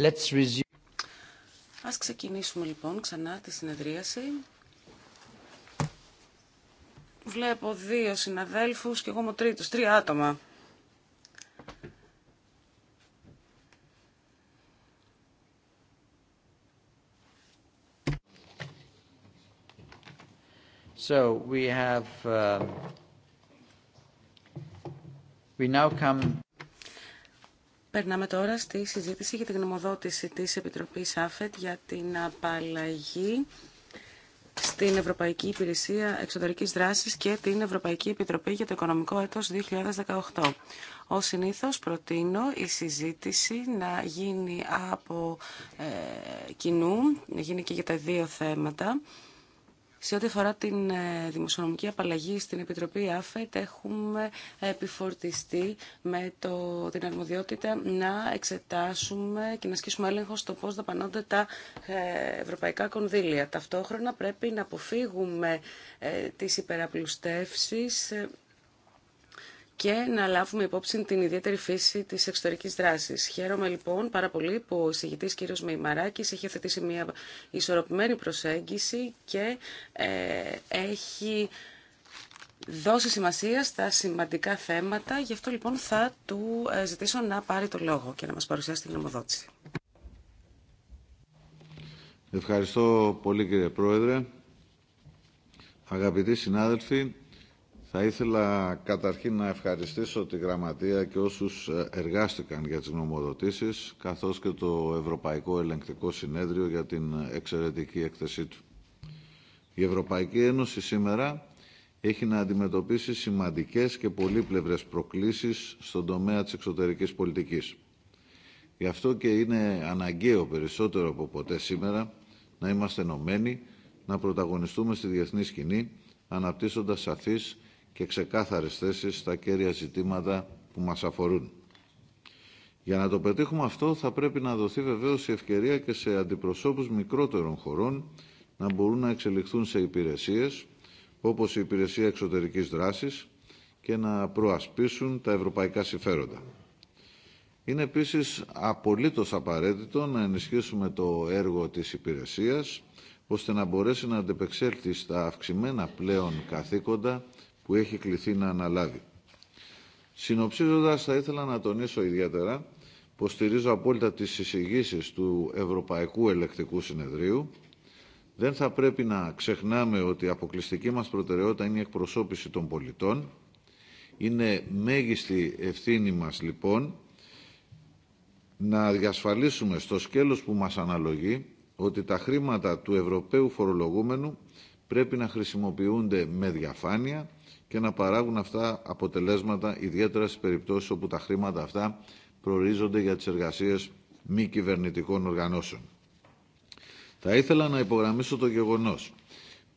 Let's Ας ξεκινήσουμε λοιπόν ξανά τη συνεδρίαση. Βλέπω δύο συναδέλφους και εγώ είμαι ο τρίτος, τρία άτομα. So we have, uh, we now come Περνάμε τώρα στη συζήτηση για την γνωμοδότηση της Επιτροπής ΑΦΕΤ για την απαλλαγή στην Ευρωπαϊκή Υπηρεσία Εξωτερικής Δράσης και την Ευρωπαϊκή Επιτροπή για το Οικονομικό Έτος 2018. Ως συνήθως προτείνω η συζήτηση να γίνει από ε, κοινού, να γίνει και για τα δύο θέματα. Σε ό,τι αφορά την ε, δημοσιονομική απαλλαγή στην Επιτροπή ΑΦΕΤ έχουμε επιφορτιστεί με το, την αρμοδιότητα να εξετάσουμε και να ασκήσουμε έλεγχο στο πώς δαπανώνται τα ε, ευρωπαϊκά κονδύλια. Ταυτόχρονα πρέπει να αποφύγουμε ε, τις υπεραπλουστεύσεις και να λάβουμε υπόψη την ιδιαίτερη φύση της εξωτερικής δράσης. Χαίρομαι λοιπόν πάρα πολύ που ο εισηγητής κ. Μεϊμαράκης έχει θετήσει μια ισορροπημένη προσέγγιση και ε, έχει δώσει σημασία στα σημαντικά θέματα. Γι' αυτό λοιπόν θα του ε, ζητήσω να πάρει το λόγο και να μας παρουσιάσει την νομοδότηση. Ευχαριστώ πολύ κύριε Πρόεδρε. Αγαπητοί συνάδελφοι, θα ήθελα καταρχήν να ευχαριστήσω τη Γραμματεία και όσους ε, εργάστηκαν για τις νομοδοτήσεις, καθώς και το Ευρωπαϊκό Ελεγκτικό Συνέδριο για την εξαιρετική έκθεσή του. Η Ευρωπαϊκή Ένωση σήμερα έχει να αντιμετωπίσει σημαντικές και πολύπλευρες προκλήσεις στον τομέα της εξωτερικής πολιτικής. Γι' αυτό και είναι αναγκαίο περισσότερο από ποτέ σήμερα να είμαστε ενωμένοι, να πρωταγωνιστούμε στη διεθνή σκηνή, αναπτύσσοντας και ξεκάθαρες θέσεις στα κέρια ζητήματα που μας αφορούν. Για να το πετύχουμε αυτό θα πρέπει να δοθεί βεβαίως η ευκαιρία και σε αντιπροσώπους μικρότερων χωρών να μπορούν να εξελιχθούν σε υπηρεσίες όπως η Υπηρεσία Εξωτερικής Δράσης και να προασπίσουν τα ευρωπαϊκά συμφέροντα. Είναι επίσης απολύτως απαραίτητο να ενισχύσουμε το έργο της υπηρεσίας ώστε να μπορέσει να αντεπεξέλθει στα αυξημένα πλέον καθήκοντα που έχει κληθεί να αναλάβει. Συνοψίζοντας, θα ήθελα να τονίσω ιδιαίτερα πως στηρίζω απόλυτα τις εισηγήσει του Ευρωπαϊκού Ελεκτικού Συνεδρίου. Δεν θα πρέπει να ξεχνάμε ότι η αποκλειστική μας προτεραιότητα είναι η εκπροσώπηση των πολιτών. Είναι μέγιστη ευθύνη μας λοιπόν να διασφαλίσουμε στο σκέλος που μας αναλογεί ότι τα χρήματα του Ευρωπαίου φορολογούμενου πρέπει να χρησιμοποιούνται με διαφάνεια και να παράγουν αυτά αποτελέσματα, ιδιαίτερα στι περιπτώσει όπου τα χρήματα αυτά προορίζονται για τι εργασίες μη κυβερνητικών οργανώσεων. Θα ήθελα να υπογραμμίσω το γεγονός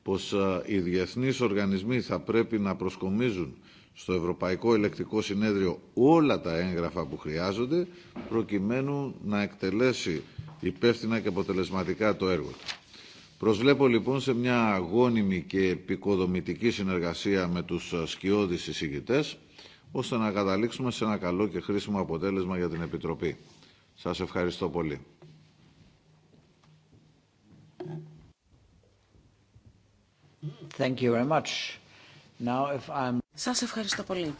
πως οι διεθνείς οργανισμοί θα πρέπει να προσκομίζουν στο Ευρωπαϊκό Ελεκτικό Συνέδριο όλα τα έγγραφα που χρειάζονται προκειμένου να εκτελέσει υπεύθυνα και αποτελεσματικά το έργο του. Προσβλέπω λοιπόν σε μια αγώνιμη και επικοδομητική συνεργασία με τους σκιώδεις εισηγητές, ώστε να καταλήξουμε σε ένα καλό και χρήσιμο αποτέλεσμα για την Επιτροπή. Σας ευχαριστώ πολύ. Thank you very much. Now if I'm... Σας ευχαριστώ πολύ.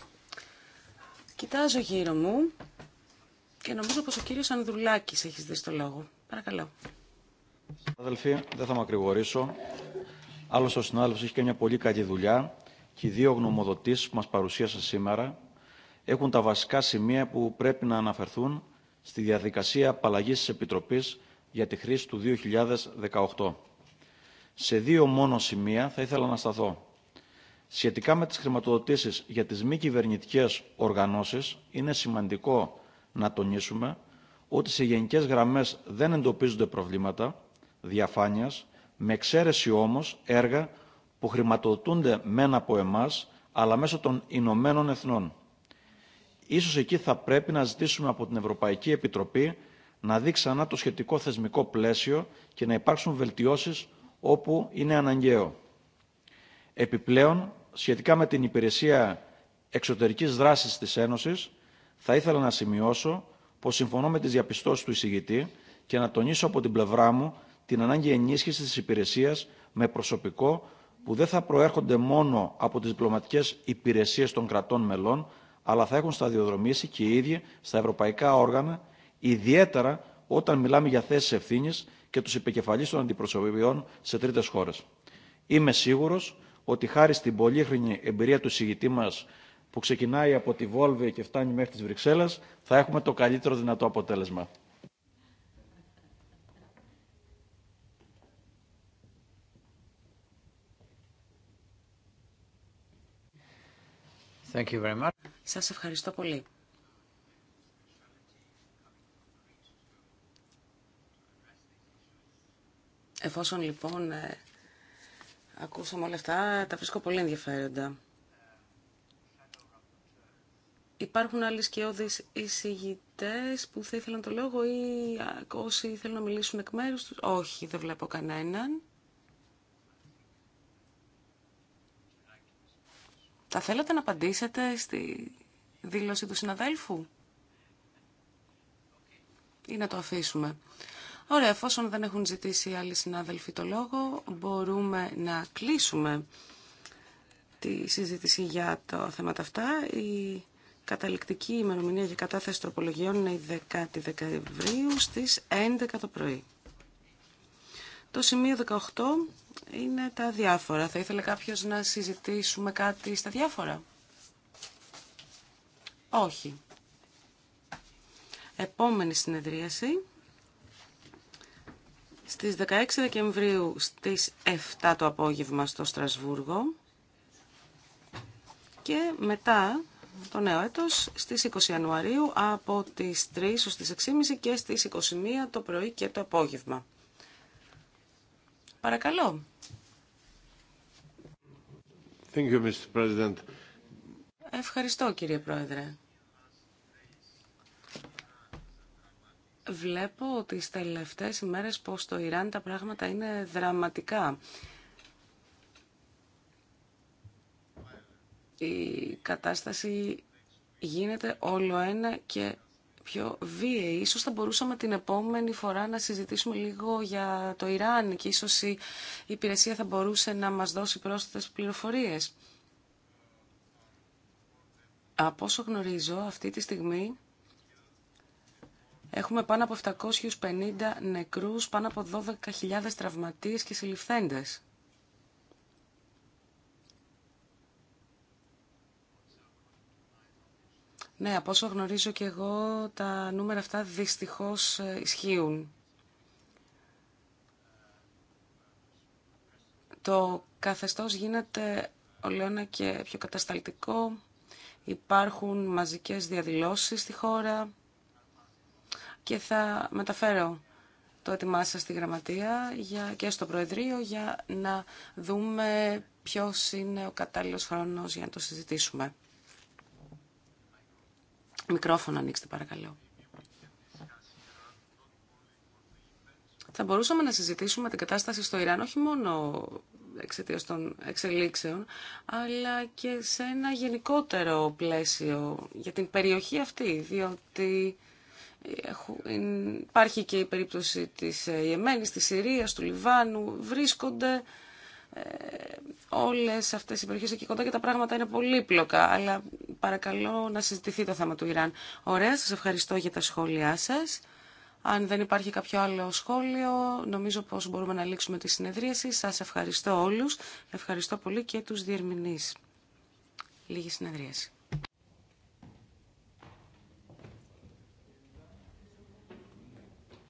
Κοιτάζω γύρω μου και νομίζω πως ο κύριος Ανδρουλάκης έχει δει στο λόγο. Παρακαλώ. Αδελφοί, δεν θα ακρηγορήσω. Άλλο ο συνάδελφο έχει και μια πολύ καλή δουλειά και οι δύο γνωμοδοτήσει που μα παρουσίασε σήμερα έχουν τα βασικά σημεία που πρέπει να αναφερθούν στη διαδικασία απαλλαγή τη Επιτροπή για τη χρήση του 2018. Σε δύο μόνο σημεία θα ήθελα να σταθώ. Σχετικά με τις χρηματοδοτήσεις για τις μη κυβερνητικέ οργανώσεις, είναι σημαντικό να τονίσουμε ότι σε γενικές γραμμές δεν εντοπίζονται προβλήματα διαφάνειας, με εξαίρεση όμως έργα που χρηματοδοτούνται μένα από εμάς, αλλά μέσω των Ηνωμένων Εθνών. Ίσως εκεί θα πρέπει να ζητήσουμε από την Ευρωπαϊκή Επιτροπή να δει ξανά το σχετικό θεσμικό πλαίσιο και να υπάρξουν βελτιώσεις όπου είναι αναγκαίο. Επιπλέον, σχετικά με την υπηρεσία εξωτερικής δράσης της Ένωσης, θα ήθελα να σημειώσω πως συμφωνώ με τις διαπιστώσεις του εισηγητή και να τονίσω από την πλευρά μου την ανάγκη ενίσχυσης της υπηρεσίας με προσωπικό που δεν θα προέρχονται μόνο από τις διπλωματικές υπηρεσίες των κρατών μελών, αλλά θα έχουν σταδιοδρομήσει και οι ίδιοι στα ευρωπαϊκά όργανα, ιδιαίτερα όταν μιλάμε για θέσεις ευθύνης και τους επικεφαλής των αντιπροσωπιών σε τρίτες χώρες. Είμαι σίγουρος ότι χάρη στην πολύχρονη εμπειρία του συγητή μας που ξεκινάει από τη Βόλβη και φτάνει μέχρι τις Βρυξέλλες, θα έχουμε το καλύτερο δυνατό αποτέλεσμα. Thank Σας ευχαριστώ πολύ. Εφόσον λοιπόν ε, ακούσαμε όλα αυτά, τα βρίσκω πολύ ενδιαφέροντα. Υπάρχουν άλλοι σκιώδεις εισηγητές που θα ήθελαν το λόγο ή όσοι θέλουν να μιλήσουν εκ μέρους τους. Όχι, δεν βλέπω κανέναν. Θα θέλατε να απαντήσετε στη δήλωση του συναδέλφου ή να το αφήσουμε. Ωραία, εφόσον δεν έχουν ζητήσει άλλοι συνάδελφοι το λόγο, μπορούμε να κλείσουμε τη συζήτηση για τα θέματα αυτά. Η καταληκτική ημερομηνία για κατάθεση τροπολογιών είναι η 10η Δεκεμβρίου στις 11 το πρωί. Το σημείο 18 είναι τα διάφορα. Θα ήθελε κάποιος να συζητήσουμε κάτι στα διάφορα. Όχι. Επόμενη συνεδρίαση στις 16 Δεκεμβρίου στις 7 το απόγευμα στο Στρασβούργο και μετά το νέο έτος στις 20 Ιανουαρίου από τις 3 ως τις 6.30 και στις 21 το πρωί και το απόγευμα. Παρακαλώ. Thank you, Mr. President. Ευχαριστώ, κύριε Πρόεδρε. Βλέπω ότι τις τελευταίες ημέρες πως το Ιράν τα πράγματα είναι δραματικά. Η κατάσταση γίνεται όλο ένα και πιο βίαιη. Ίσως θα μπορούσαμε την επόμενη φορά να συζητήσουμε λίγο για το Ιράν και ίσως η υπηρεσία θα μπορούσε να μας δώσει πρόσθετες πληροφορίες. Από όσο γνωρίζω, αυτή τη στιγμή έχουμε πάνω από 750 νεκρούς, πάνω από 12.000 τραυματίες και συλληφθέντες. Ναι, από όσο γνωρίζω και εγώ, τα νούμερα αυτά δυστυχώς ε, ισχύουν. Το καθεστώς γίνεται ολιώνα και πιο κατασταλτικό. Υπάρχουν μαζικές διαδηλώσεις στη χώρα και θα μεταφέρω το έτοιμά στη γραμματεία για, και στο Προεδρείο για να δούμε ποιος είναι ο κατάλληλος χρόνος για να το συζητήσουμε. Μικρόφωνο ανοίξτε παρακαλώ. Θα μπορούσαμε να συζητήσουμε την κατάσταση στο Ιράν όχι μόνο εξαιτία των εξελίξεων, αλλά και σε ένα γενικότερο πλαίσιο για την περιοχή αυτή, διότι υπάρχει και η περίπτωση της ε, Ιεμένης, της Συρίας, του Λιβάνου, βρίσκονται ε, όλες αυτές οι περιοχές εκεί κοντά και τα πράγματα είναι πολύπλοκα, αλλά παρακαλώ να συζητηθεί το θέμα του Ιράν. Ωραία, σας ευχαριστώ για τα σχόλιά σας. Αν δεν υπάρχει κάποιο άλλο σχόλιο, νομίζω πως μπορούμε να λήξουμε τη συνεδρίαση. Σας ευχαριστώ όλους. Ευχαριστώ πολύ και τους διερμηνείς. Λίγη συνεδρίαση.